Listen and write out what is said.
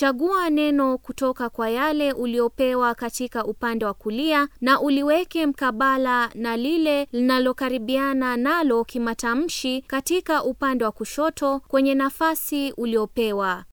Chagua neno kutoka kwa yale uliopewa katika upande wa kulia na uliweke mkabala na lile linalokaribiana nalo kimatamshi katika upande wa kushoto kwenye nafasi uliopewa.